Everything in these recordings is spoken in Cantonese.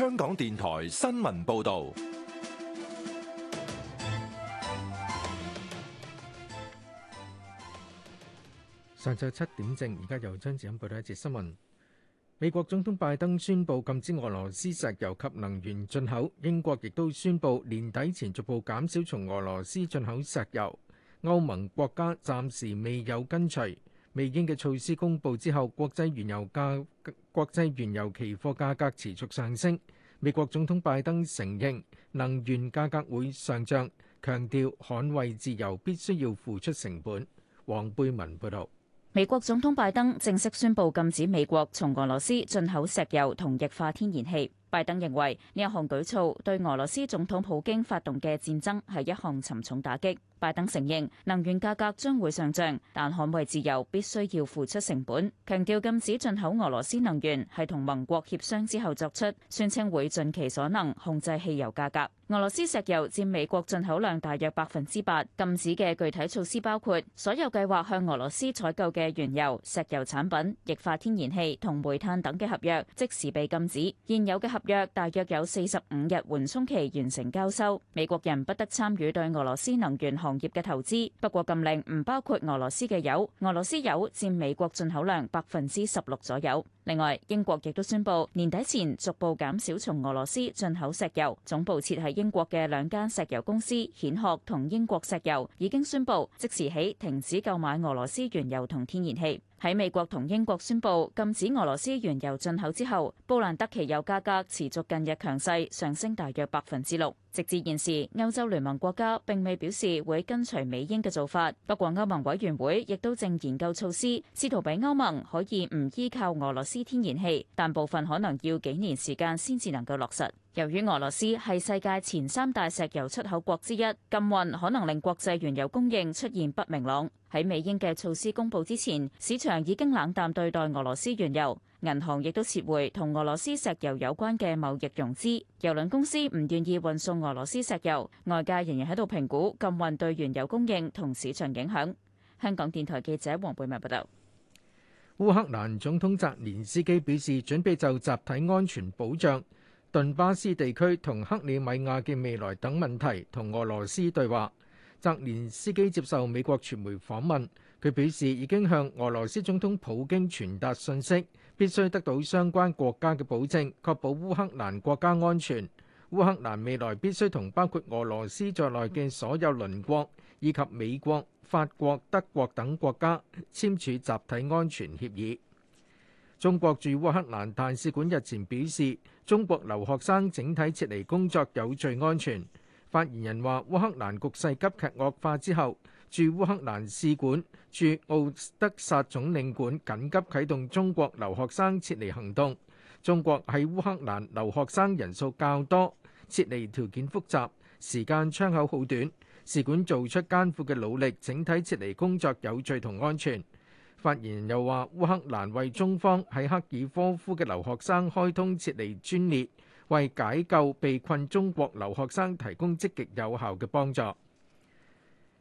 香港電台新聞報道，上晝七點正，而家由張子欣報道一節新聞。美國總統拜登宣布禁止俄羅斯石油及能源進口，英國亦都宣布年底前逐步減少從俄羅斯進口石油。歐盟國家暫時未有跟隨。美英嘅措施公布之後，國際原油價、國際原油期貨價格持續上升。美國總統拜登承認能源價格會上漲，強調捍衛自由必須要付出成本。黃貝文報道，美國總統拜登正式宣布禁止美國從俄羅斯進口石油同液化天然氣。拜登認為呢一項舉措對俄羅斯總統普京發動嘅戰爭係一項沉重打擊。拜登承認能源價格將會上漲，但捍衛自由必須要付出成本。強調禁止進口俄羅斯能源係同盟國協商之後作出，宣稱會盡其所能控制汽油價格。俄羅斯石油佔美國進口量大約百分之八。禁止嘅具體措施包括所有計劃向俄羅斯採購嘅原油、石油產品、液化天然氣同煤炭等嘅合約即時被禁止。現有嘅合約大約有四十五日緩衝期完成交收。美國人不得參與對俄羅斯能源行業嘅投資，不過禁令唔包括俄羅斯嘅油，俄羅斯油佔美國進口量百分之十六左右。另外，英國亦都宣布年底前逐步減少從俄羅斯進口石油。總部設喺英國嘅兩間石油公司蜆殼同英國石油已經宣布即時起停止購買俄羅斯原油同天然氣。喺美國同英國宣布禁止俄羅斯原油進口之後，布蘭德期油價格持續近日強勢上升，大約百分之六。直至現時，歐洲聯盟國家並未表示會跟隨美英嘅做法。不過，歐盟委員會亦都正研究措施，試圖俾歐盟可以唔依靠俄羅斯。天然氣，但部分可能要幾年時間先至能夠落實。由於俄羅斯係世界前三大石油出口國之一，禁運可能令國際原油供應出現不明朗。喺美英嘅措施公布之前，市場已經冷淡對待俄羅斯原油，銀行亦都撤回同俄羅斯石油有關嘅貿易融資，油輪公司唔願意運送俄羅斯石油。外界仍然喺度評估禁運對原油供應同市場影響。香港電台記者黃貝文報道。烏克蘭總統澤連斯基表示，準備就集體安全保障、頓巴斯地區同克里米亞嘅未來等問題同俄羅斯對話。澤連斯基接受美國傳媒訪問，佢表示已經向俄羅斯總統普京傳達信息，必須得到相關國家嘅保證，確保烏克蘭國家安全。烏克蘭未來必須同包括俄羅斯在內嘅所有鄰國，以及美國、法國、德國等國家簽署集體安全協議。中國駐烏克蘭大使館日前表示，中國留學生整體撤離工作有序安全。發言人話：烏克蘭局勢急劇惡化之後，駐烏克蘭使館，駐敖德薩總領館緊急啟動中國留學生撤離行動。中國喺烏克蘭留學生人數較多。撤離條件複雜，時間窗口好短，使館做出艱苦嘅努力，整體撤離工作有序同安全。發言人又話，烏克蘭為中方喺哈爾科夫嘅留學生開通撤離專列，為解救被困中國留學生提供積極有效嘅幫助。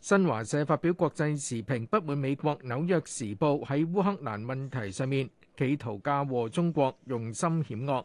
新華社發表國際時評，不滿美國《紐約時報》喺烏克蘭問題上面企圖嫁禍中國，用心險惡。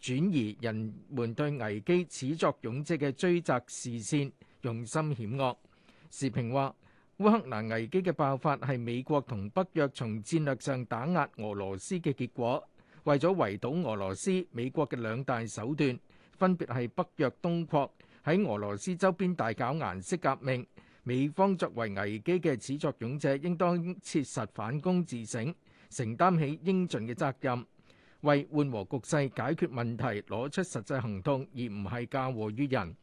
轉移人們對危機始作俑者嘅追責視線，用心險惡。時評話：烏克蘭危機嘅爆發係美國同北約從戰略上打壓俄羅斯嘅結果。為咗圍堵俄羅斯，美國嘅兩大手段分別係北約東擴，喺俄羅斯周邊大搞顏色革命。美方作為危機嘅始作俑者，應當切實反躬自省，承擔起應盡嘅責任。為緩和局勢、解決問題，攞出實際行動，而唔係嫁禍於人。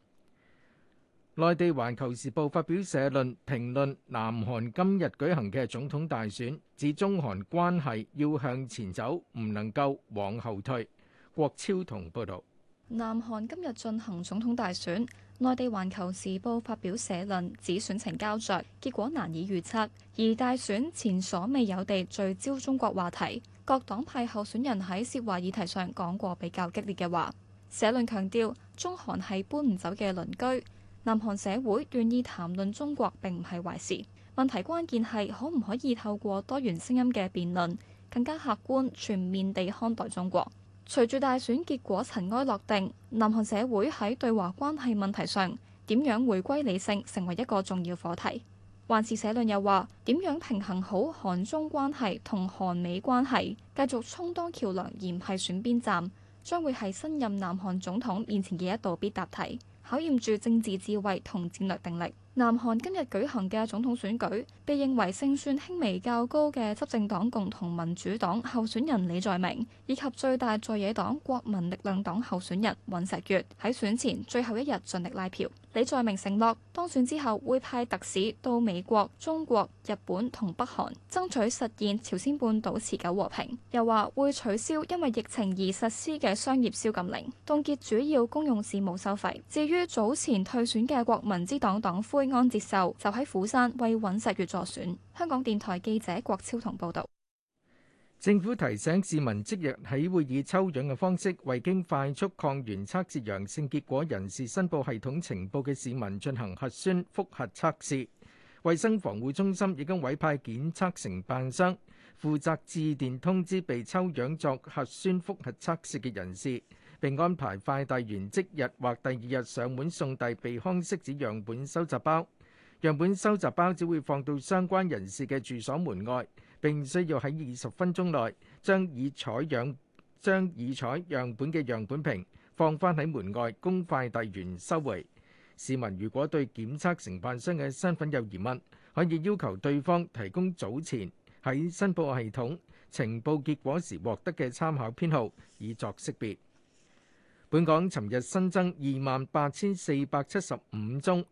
內地《環球時報》發表社論評論南韓今日舉行嘅總統大選，指中韓關係要向前走，唔能夠往後退。郭超同報道，南韓今日進行總統大選，內地《環球時報》發表社論指選情膠著，結果難以預測，而大選前所未有地聚焦中國話題。各黨派候選人喺涉華議題上講過比較激烈嘅話，社論強調中韓係搬唔走嘅鄰居，南韓社會願意談論中國並唔係壞事，問題關鍵係可唔可以透過多元聲音嘅辯論，更加客觀全面地看待中國。隨住大選結果塵埃落定，南韓社會喺對華關係問題上點樣回歸理性，成為一個重要課題。還是社論又話點樣平衡好韓中關係同韓美關係，繼續充當橋梁而唔係選邊站，將會係新任南韓總統面前嘅一道必答題，考驗住政治智慧同戰略定力。南韓今日舉行嘅總統選舉，被認為勝算輕微較高嘅執政黨共同民主黨候選人李在明，以及最大在野黨國民力量黨候選人尹石月，喺選前最後一日盡力拉票。李在明承諾當選之後會派特使到美國、中國、日本同北韓，爭取實現朝鮮半島持久和平，又話會取消因為疫情而實施嘅商業宵禁令，凍結主要公用事務收費，至於早前退選嘅國民之黨黨魁安哲秀就喺釜山為尹錫悅助選。香港電台記者郭超同報道。政府提醒市民，即日起會以抽樣嘅方式，為經快速抗原測試陽性結果人士，申報系統情報嘅市民進行核酸複核測試。衛生防護中心已經委派檢測承辦商負責致電通知被抽樣作核酸複核測試嘅人士，並安排快遞員即日或第二日上門送遞鼻腔拭子樣本收集包。樣本收集包只會放到相關人士嘅住所門外。並需要喺二十分鐘內將已採樣將已採樣本嘅樣本瓶放返喺門外，供快遞員收回。市民如果對檢測承辦商嘅身份有疑問，可以要求對方提供早前喺申報系統呈報結果時獲得嘅參考編號，以作識別。本港尋日新增二萬八千四百七十五宗，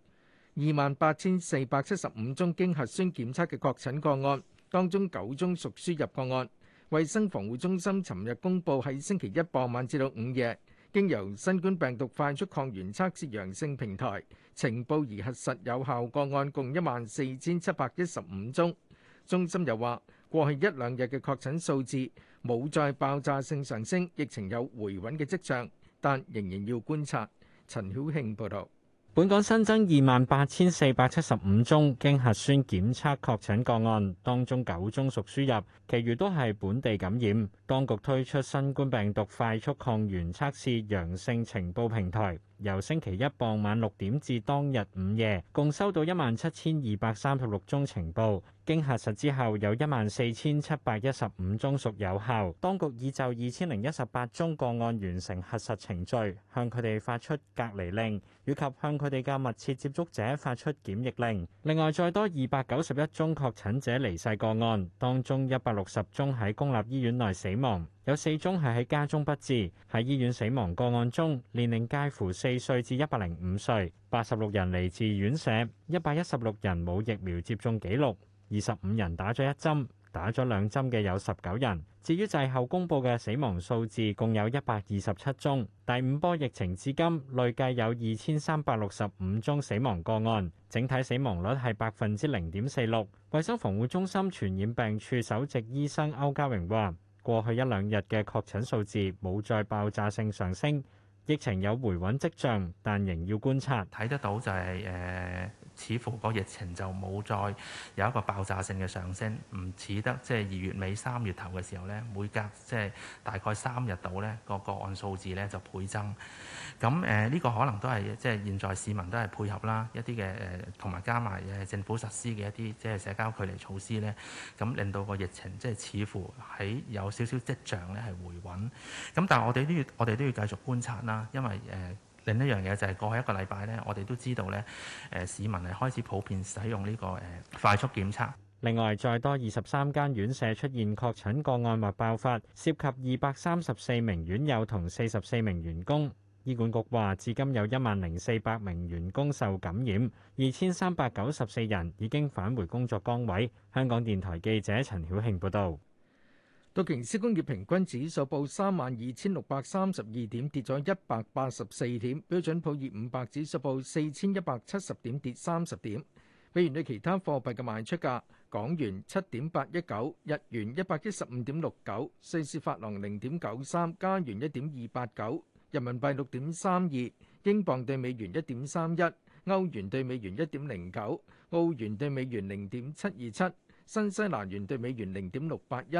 二萬八千四百七十五宗經核酸檢測嘅確診個案。當中九宗屬輸入個案，衛生防護中心尋日公布喺星期一傍晚至到午夜，經由新冠病毒快速抗原測試陽性平台情報而核實有效個案共一萬四千七百一十五宗。中心又話，過去一兩日嘅確診數字冇再爆炸性上升，疫情有回穩嘅跡象，但仍然要觀察。陳曉慶報導。本港新增二萬八千四百七十五宗經核酸檢測確診個案，當中九宗屬輸入，其餘都係本地感染。當局推出新冠病毒快速抗原測試陽性情報平台。由星期一傍晚六點至當日午夜，共收到一萬七千二百三十六宗情報，經核實之後，有一萬四千七百一十五宗屬有效。當局已就二千零一十八宗個案完成核實程序，向佢哋發出隔離令，以及向佢哋嘅密切接觸者發出檢疫令。另外，再多二百九十一宗確診者離世個案，當中一百六十宗喺公立醫院內死亡。有四宗係喺家中不治，喺醫院死亡個案中年齡介乎四歲至一百零五歲，八十六人嚟自院舍，一百一十六人冇疫苗接種記錄，二十五人打咗一針，打咗兩針嘅有十九人。至於滯後公佈嘅死亡數字，共有一百二十七宗。第五波疫情至今累計有二千三百六十五宗死亡個案，整體死亡率係百分之零點四六。衛生防護中心傳染病處首席醫生歐家榮話。過去一兩日嘅確診數字冇再爆炸性上升，疫情有回穩跡象，但仍要觀察。睇得到就係、是、誒。Uh 似乎個疫情就冇再有一個爆炸性嘅上升，唔似得即係二月尾三月頭嘅時候呢，每隔即係大概三日到呢，個個案數字呢就倍增。咁誒呢個可能都係即係現在市民都係配合啦，一啲嘅誒同埋加埋政府實施嘅一啲即係社交距離措施呢，咁令到個疫情即係似乎喺有少少跡象呢係回穩。咁但係我哋都要我哋都要繼續觀察啦，因為誒。呃另一樣嘢就係過去一個禮拜呢，我哋都知道呢，誒，市民係開始普遍使用呢個誒快速檢查。另外，再多二十三間院舍出現確診個案或爆發，涉及二百三十四名院友同四十四名員工。醫管局話，至今有一萬零四百名員工受感染，二千三百九十四人已經返回工作崗位。香港電台記者陳曉慶報導。道瓊斯工業平均指數報三萬二千六百三十二點，跌咗一百八十四點。標準普爾五百指數報四千一百七十點，跌三十點。美元對其他貨幣嘅賣出價：港元七點八一九，日元一百一十五點六九，瑞士法郎零點九三，加元一點二八九，人民幣六點三二，英鎊對美元一點三一，歐元對美元一點零九，澳元對美元零點七二七，新西蘭元對美元零點六八一。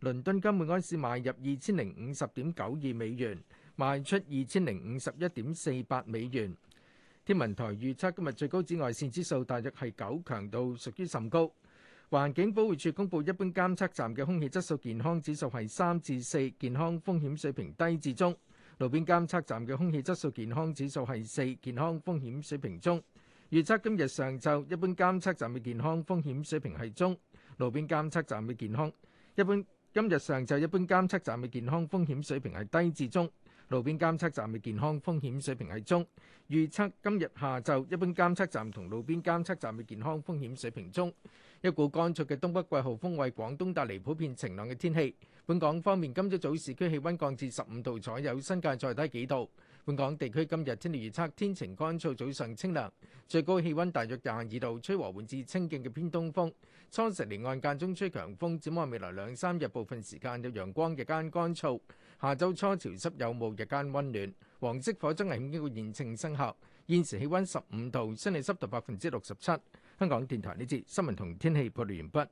倫敦金每安士買入二千零五十點九二美元，賣出二千零五十一點四八美元。天文台預測今日最高紫外線指數大約係九，強度屬於甚高。環境保護署公布一般監測站嘅空氣質素健康指數係三至四，健康風險水平低至中。路邊監測站嘅空氣質素健康指數係四，健康風險水平中。預測今日上晝一般監測站嘅健康風險水平係中，路邊監測站嘅健康一般。今日上晝一般監測站嘅健康風險水平係低至中，路邊監測站嘅健康風險水平係中。預測今日下晝一般監測站同路邊監測站嘅健康風險水平中。一股乾燥嘅東北季候風為廣東帶嚟普遍晴朗嘅天氣。本港方面，今朝早市區氣温降至十五度左右，新界再低幾度。本港地區今日天氣預測，天晴乾燥，早上清涼，最高氣温大約廿二度，吹和緩至清勁嘅偏東風。初時離岸間中吹強風，展望未來兩三日部分時間有陽光，日間乾燥。下週初潮濕有霧，日間温暖。黃色火災危險警告現正生效。現時氣温十五度，室內濕度百分之六十七。香港電台呢節新聞同天氣報道完畢。